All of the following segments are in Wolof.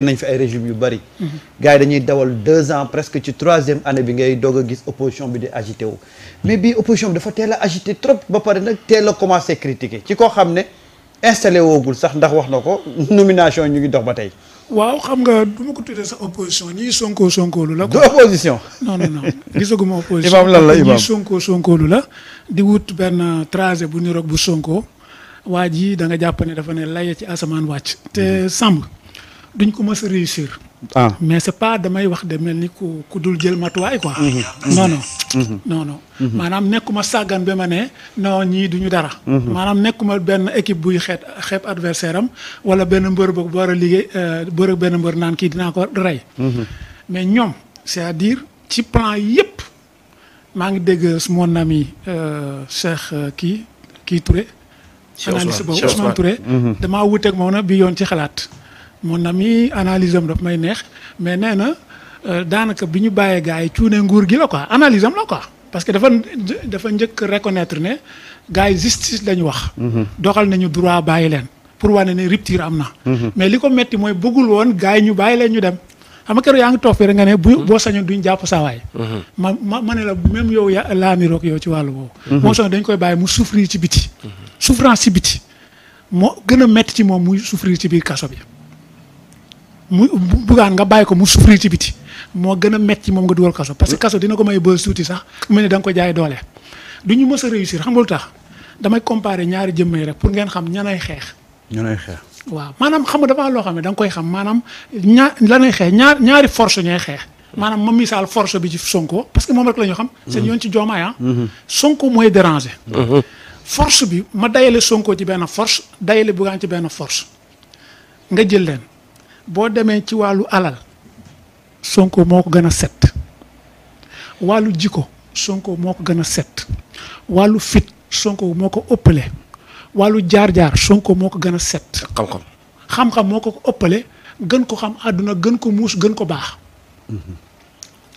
nañ fi ay régime yu bëri gars yi dañuy dawal deux ans presque ci troisième année bi ngay doog a gis opposition bi di agité wu mais bii opposition bi dafa teel a agité trop ba pare nag teel a commencé critiquer ci koo xam ne installé woogul sax ndax wax na ko nomination ñu ngi dox ba tey waaw xam nga du ma ko tuddee sax opposition ñii sonkoo sonkoolu la du opposition non non non gisaguma opposition imaam lan la imaam ñii sonkoo sonkoolu la di wut benn tracé bu niroog bu sonkoo waa ji da nga jàpp ne dafa ne laye ci asamaan wàcc te samb duñ ko mës a réussir. ah mais c'est pas damay wax de mel ni ku ku dul jël matuwaay quoi. Mhm. Mhm. non non. Mhm. non non maanaam nekkuma sàggan ba ma ne non ñii duñu dara. maanaam nekkuma benn équipe buy xeet xeeb adversaire am wala benn mbër boog war a liggéey euh, bëre benn mbër naan kii dinaa ko rey. mais ñoom c'est-à-dire ci plan yépp maa ngi dégg mon ami euh, Cheikh euh, kii kii Touré. analyste boobu Ousmane Touré. damaa wuteeg moom nag bi yoon ci xalaat. mun na mii analyse am daf may neex mais nee na euh, daanaka bi ñu bàyyee gars yi cuune nguur gi la quoi analyse la quoi parce que dafa dafa njëkk reconnaître ne gars yi justice la ñu wax mhm. doxal nañu droit bàyyi leen pour wane ne rupture am na mhm. mais li ko metti mooy bëggul woon gars yi ñu bàyyi leen ñu dem xam nga keroog yaa ngi toog fii rek nga ne bu mhm. boo sañoon duñ jàpp saawaay ma ma ma ne la même yow ya laamiroog yow ci wàllu boobu moo sañoon dañ koy bàyyi mu souffrir ci biti souffrance ci moo gën a metti moom muy souffrir ci biir kaso bi mu bugaan nga bàyyi ko mu souffrir ci biti moo gën a metti moom nga dugal kaso parce que kaso dina ko may bës tuuti sax mu mel ni da ko jaay doole du ñu mës réussir xam nga lu tax damay comparer ñaari jëmm yi rek pour ngeen xam ñanay xeex. ñanay waaw maanaam xam nga dafa loo xam ne da koy xam maanaam ñaar lanay xeex ñaar ñaari force ñooy xeex. maanaam ma misaal force bi ci sonkoo parce que moom rek la xam. seen mhm. yoon ci Diomaye ah. Mhm. Sonko mooy déranger. Mhm. force bi ma dayale sonkoo ci benn force dayale Bougane ci benn force nga jël leen. boo demee ci wàllu alal Sonko moo ko gën a set wàllu jikko Sonko moo ko gën a set wàllu fit Sonko moo ko ëppale wàllu jaar-jaar Sonko moo ko gën a set. xam-xam xam moo ko ëppale gën ko xam àdduna gën ko muus gën ko baax. Mm-hmm.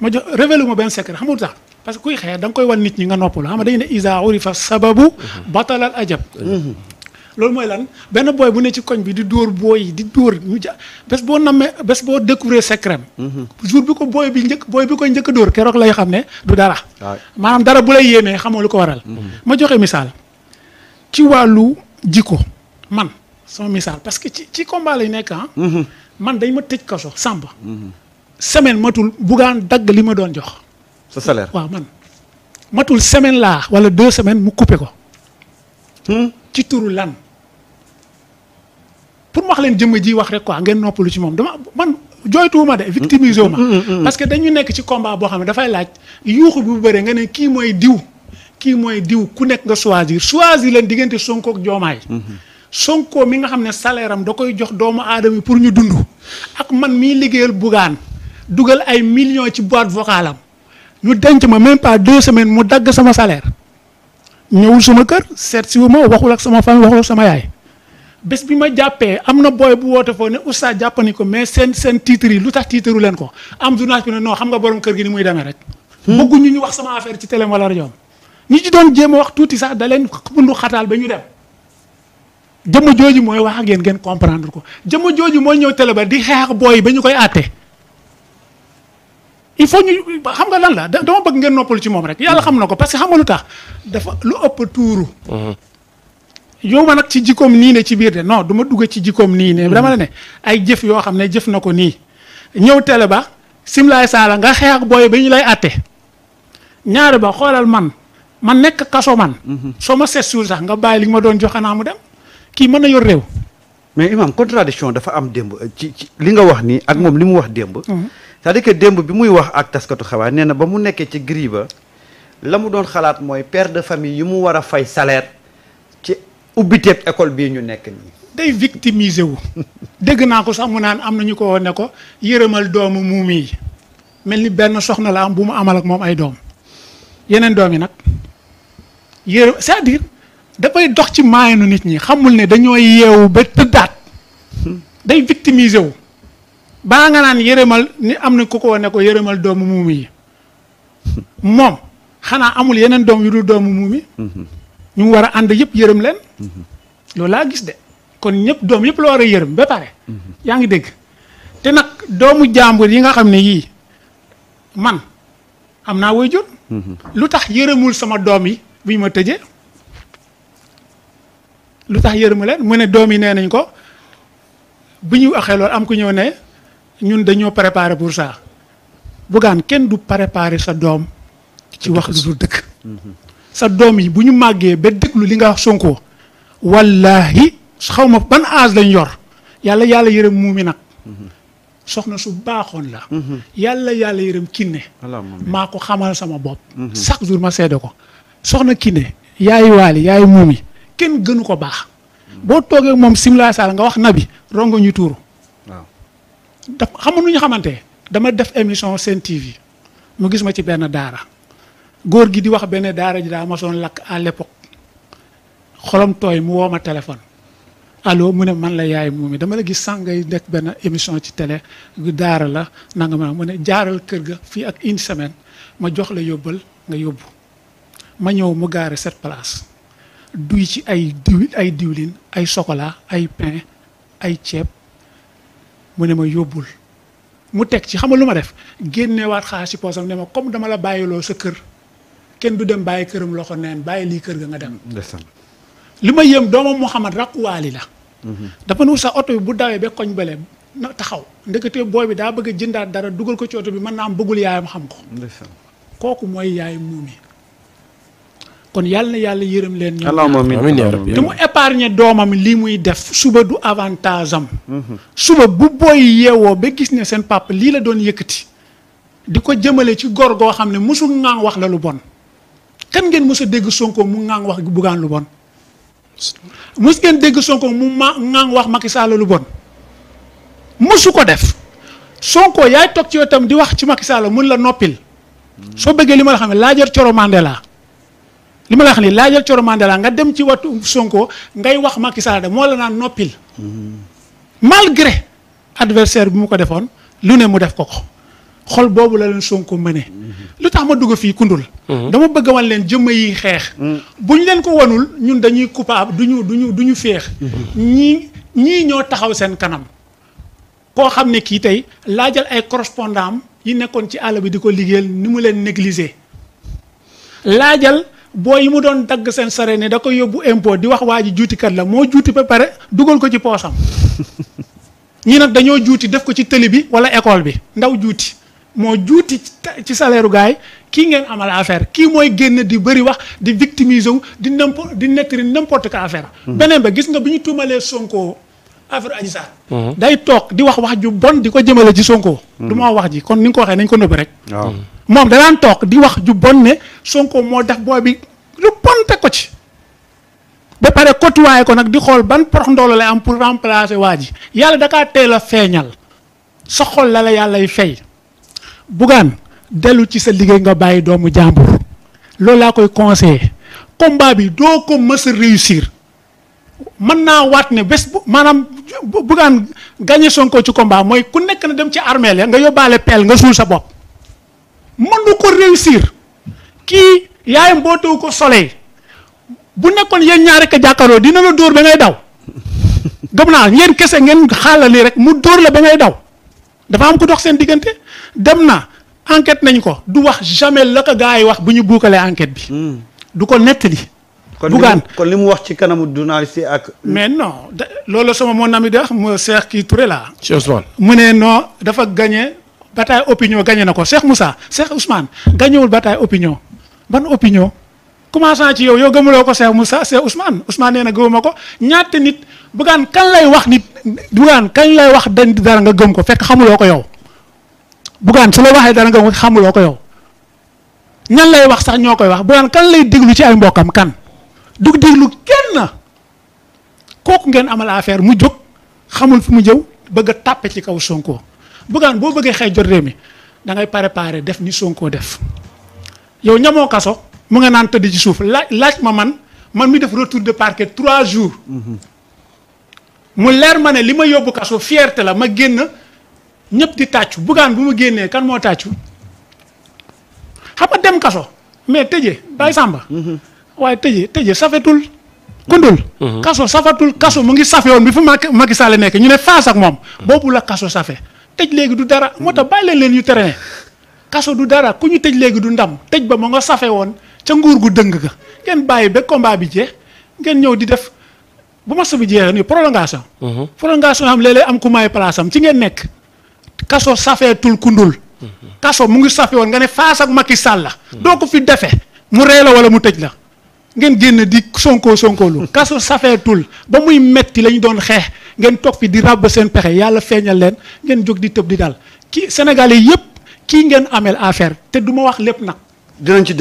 ma jox révélé ma benn secret xamul tax parce que kuy xeex da nga koy wan nit ñi nga noppalu xam nga dañu ne isa urifa sababu. Mm-hmm. batalal ajab. Mm-hmm. loolu mooy lan benn booy bu ne ci koñ bi di dóor booy yi di dóor ñu ja boo nammee bés boo découvrir secret mhm. jour bi ko booy bi njëkk booy bi koy njëkk dóor keroog lay xam ne du dara maanaam dara bu lay yéemee xamoo lu ko waral mhm. ma joxe misaal ci wàllu jikko man sama misaal parce que ci ci combat lay nekk ah mhm. man dañ ma tëj kaso sàmb semaine matul buggaan dagg li ma doon jox sa salaire waaw man matul semaine laa wala deux semaine mu coupé ko hmm? ci turu lan pour mu wax leen jëmm ji wax rek quoi ngeen noppalu ci moom dama man jooytuwuma de victimisé ma mm, mm, mm, parce que dañu nekk ci combat boo xam ne dafay laaj yuuxu bu bëree nga ne kii mooy diw kii mooy diw ku nekk nga choisir choisir leen diggante Sonko ak Diomaye mm-hmm. Sonko mi nga xam ne salaire am da koy jox doomu aadama yi pour ñu dund ak man mii liggéeyal bugaan dugal ay millions ci boîte vocale am ñu denc ma même pas deux semaines mu dagg sama salaire ñëwul suma kër seet si wu ma waxul ak sama famille waxul ak sama yaay bés bi ma jàppee am na booy bu woote foofu ne oustaz jàppani ko mais seen seen titres yi lu tax tiitaru leen ko am journaliste bi ne non xam nga borom kër gi ni muy demee rek. Hmm. bëgguñu ñu ñu wax sama affaire ci télé wala rajo ñi ci doon jéem a wax tuuti sax da leen bundu xataal ba ñu dem. jëmm jooju mooy wax ak yéen ngeen comprendre ko jëm jooju mooy ñëw télé ba di xeex booy ba ñu koy àtte. il faut ñu xam nga lan la dama bëgg ngeen noppalu ci moom rek yàlla xam na ko parce que xam nga lu tax dafa lu ëpp tuuru. Mhm. yow ma nag ci jikkoom nii ne ci biir de non du dugg ci jikkoom nii ne dama la mhm. ne ay jëf yoo xam ne jëf na ko nii ñëw tele ba simlaay saala nga xeex ak booy ba ñu lay àtte ñaari ba xoolal man man nekk kaso man. Mhm. soo ma seet suul sax nga bàyyi li ma doon jox naa mu dem kii mën na yor réew. mais imam contradiction dafa am démb ci ci li nga wax nii ak moom li mu wax démb. cest à que démb bi muy wax ak taskatu xabaar nee na ba mu nekkee ci gri ba la mu doon xalaat mooy père de famille yi mu war a fay salaire ci ubbiteeb école bii ñu nekk nii. day victimiser wu dégg naa ko sax mu naan am na ñu ko woon ko yërëmal doomu muum yi mel ni benn soxna la am bu mu amal ak moom ay doom yeneen doom yi nag yërë cest à dafay dox ci maayanu nit ñi xamul ne dañoo yeewu ba tëddaat hmm. day victimiser wu. baa nga naan yërëmal ni am na ku ko wane ko yërëmal doomu muumi yi moom xanaa amul yeneen doom yu dul doomu muumi ñu war a ànd yëpp yërëm leen loolu laa gis de kon ñëpp doom yëpp la war a yërëm ba pare yaa ngi dégg te nag doomu jàmbur yi nga xam ne yii man am naa waajur lu tax yërëmul sama doom yi bu ñu ma tëjee lu tax yërëmu leen mu ne doom yi nee nañ ko bu ñu waxee loolu am ku ñëw ne ñun dañoo préparer pour ça Bougane kenn du préparer sa doom ci wax lu dëkk sa doom yi bu ñu màggee ba déglu li nga wax Sonko wallahi xaw ma ban âge lañ yor yàlla yàlla yërëm muumi nag soxna su baaxoon la yàlla yàlla yërëm kinne maa ko xamal sama bopp mhm. chaque jour ma seede ko soxna kinne yaay waali yaay muumi kenn gënu ko baax boo toogee moom simla sal nga wax nabi rongo ñu tuuru daf xamu nu ñu xamante dama def émission Sen TV mu gis ma ci benn daara góor gi di wax benn daara ji daa mosoon lakk à l'époque xolom tooy mu woo ma téléphone allo mu ne man la yaay moom mi dama la gis sànq ngay nekk benn émission ci télé daara la nanga ma mu ne jaaral kër ga fii ak une semaine ma jox la yóbbal nga yóbbu ma ñëw mu gaare cette place duy ci ay diw ay diwlin ay chocolat ay pain ay ceeb mu ne ma yóbbul mu teg ci xam nga lu ma def génne waat xaalis ci poosam ne ma comme dama la bàyyiloo sa kër kenn du dem bàyyi këram loxo neen bàyyi lii kër ga nga dem. li ma yëm doomam Mouhamad rakkuwaali la. Mhm. dafa nu sa oto bi bu dawee ba koñ bële na taxaw ndekete booy bi daa bëgg a jëndaat dara dugal ko ci oto bi mën naa am bëggul yaayam xam ko. kooku mooy yaay muumi. kon yàlla yàlla yërëm leen ñoom ñaar te mu épargner doomam li muy def suba du avantage am suba bu booy yeewoo ba gis ne seen pàpp lii la doon yëkkati di ko jëmale ci góor goo xam ne mosul ŋaang wax la lu bon kan ngeen mos a dégg Sonko mu ŋaang wax buggaan lu bon mos ngeen dégg Sonko mu ma wax Macky Sall lu bon mosu ko def Sonko yaay toog ci wetam di wax ci Macky Sall mun la noppil soo bëggee li ma la xam ne laajar Coro laa li ma la wax nii laajal Coro laa nga dem ci watu Sonko ngay wax Macky Sall de moo la naan noppil. malgré adversaire bi mu ko defoon lu ne mu def ko ko xol boobu la leen Sonko mëne lu tax ma dugg fii kundul. dama bëgg wan leen jëmma yi xeex. buñ leen ko wanul ñun dañuy coupable du du ñu du ñu ñii ñii ñoo taxaw seen kanam. koo xam ne kii tey laajal ay correspondant yi nekkoon ci àll bi di ko liggéeyal ni mu leen négliger laajal. boo yi mu doon dagg seen sare ne da ko yóbbu import di wax waa ji kat la moo juuti ba pare dugal ko ci poosam ñi nag dañoo juuti def ko ci tëli bi wala école bi ndaw juuti moo juuti ci salaire gaay kii ngeen amal affaire kii mooy génn di bëri wax di victimiser wu di nëmp di nettali n'importe quelle affaire. Hmm. beneen ba gis nga bi ñu tuumalee Sonko affaire Adji Sarr. Hmm. day toog di wax wax ju bon di ko jëmale ci Sonko. Hmm. du ma wax ji kon ni nga ko waxee nañ ko nëbb rek. moom danaan toog di wax ju bon ne Sonko moo def booy bi lu bon teg ko ci ba pare waaye ko nag di xool ban porox ndoolo lay am pour remplacer waa ji yàlla dakaa teel a feeñal sa xool la la yàllay fay bugaan dellu ci sa liggéey nga bàyyi doomu jàmbur loolu laa koy conseillé combat bi doo ko mës réussir mën naa waat ne bés bu maanaam bu bugaan gagné Sonko ci combat mooy ku nekk na dem ci armeel ya nga yóbbaale peel nga suul sa bopp mënu ko réussir kii yaay boo ko soleil bu nekkoon yéen ñaar rek a dina la dóor ba ngay daw gëm naa ngeen kese ngeen xaalal nii rek mu dóor la ba ngay daw dafa am ko dox seen diggante dem na enquête nañ ko du wax jamais la ko gars yi wax bu ñu buukalee enquête bi. Hmm. du ko nettali. bugaan kon li mu wax ci kanamu journaliste yi ak. mais non loolu sama mon ami mi wax mu Cheikh kii Touré laa. Cheikh Ousmane mu ne non dafa gagné bataille opinion gagné na ko Cheikh Moussa Cheikh Ousmane gagnéwul bataille opinion ban opinion commençant ci yow yow gëmuloo ko Cheikh Moussa Cheikh Ousmane Ousmane nee na gëmuma ko ñaata nit bugaan kan lay wax nit bugaan kañ lay wax dañ dara nga gëm ko fekk xamuloo ko yow bugaan su la waxee dara nga xamuloo ko yow ñan lay wax sax ñoo koy wax bugaan kan lay déglu ci ay mbokkam kan du déglu kenn kooku ngeen amal affaire mu jóg xamul fu mu jëw bëgg a tàppe ci kaw Sonko Bougane boo bëggee xëy jot réew mi dangay ngay préparer def ni Sonko def yow ñamoo kaso mu nga naan tëdd ci suuf laaj laaj ma man man mi def retour de parquet trois jours. Mhm. mu leer ma ne li ma yóbbu kaso fierté la ma génn ñëpp di tàccu Bougane bu ma génnee kan moo tàccu xam dem kaso mais tëjee Baye Samba. Mhm. waaye tëjee tëjee safetul. kundul mhm. kaso safatul kaso mu ngi safe woon bi fu Macky Sall nekk ñu ne faas ak moom. boobu la kaso safe. tëj léegi du dara moo tax bàyyi leen leen ñu traîner kaso du dara ku ñu tëj léegi du ndam tëj ba ma nga safe woon ca nguur gu dëng ga ngeen bàyyi be combat bi jeex ngeen ñëw di def bu match bi jeexee nii prolongation. Mhm. prolongation xam léeg-léeg am ku may am ci ngeen nekk kaso safeetul kundul. Mhm. kaso mu ngi safe woon nga ne faas ak Macky sàlla mhm. doo ko fi defee mu ree la wala mu tëj la. ngeen génn di sonko sonkoolu kaso safeetul ba muy metti la doon xeex ngeen toog fi di ràbb seen pexe yàlla feeñal leen ngeen jóg di tëb di dal ki Sénégalais yëpp kii ngeen amel affaire te du ma wax lépp nag. dinañ ci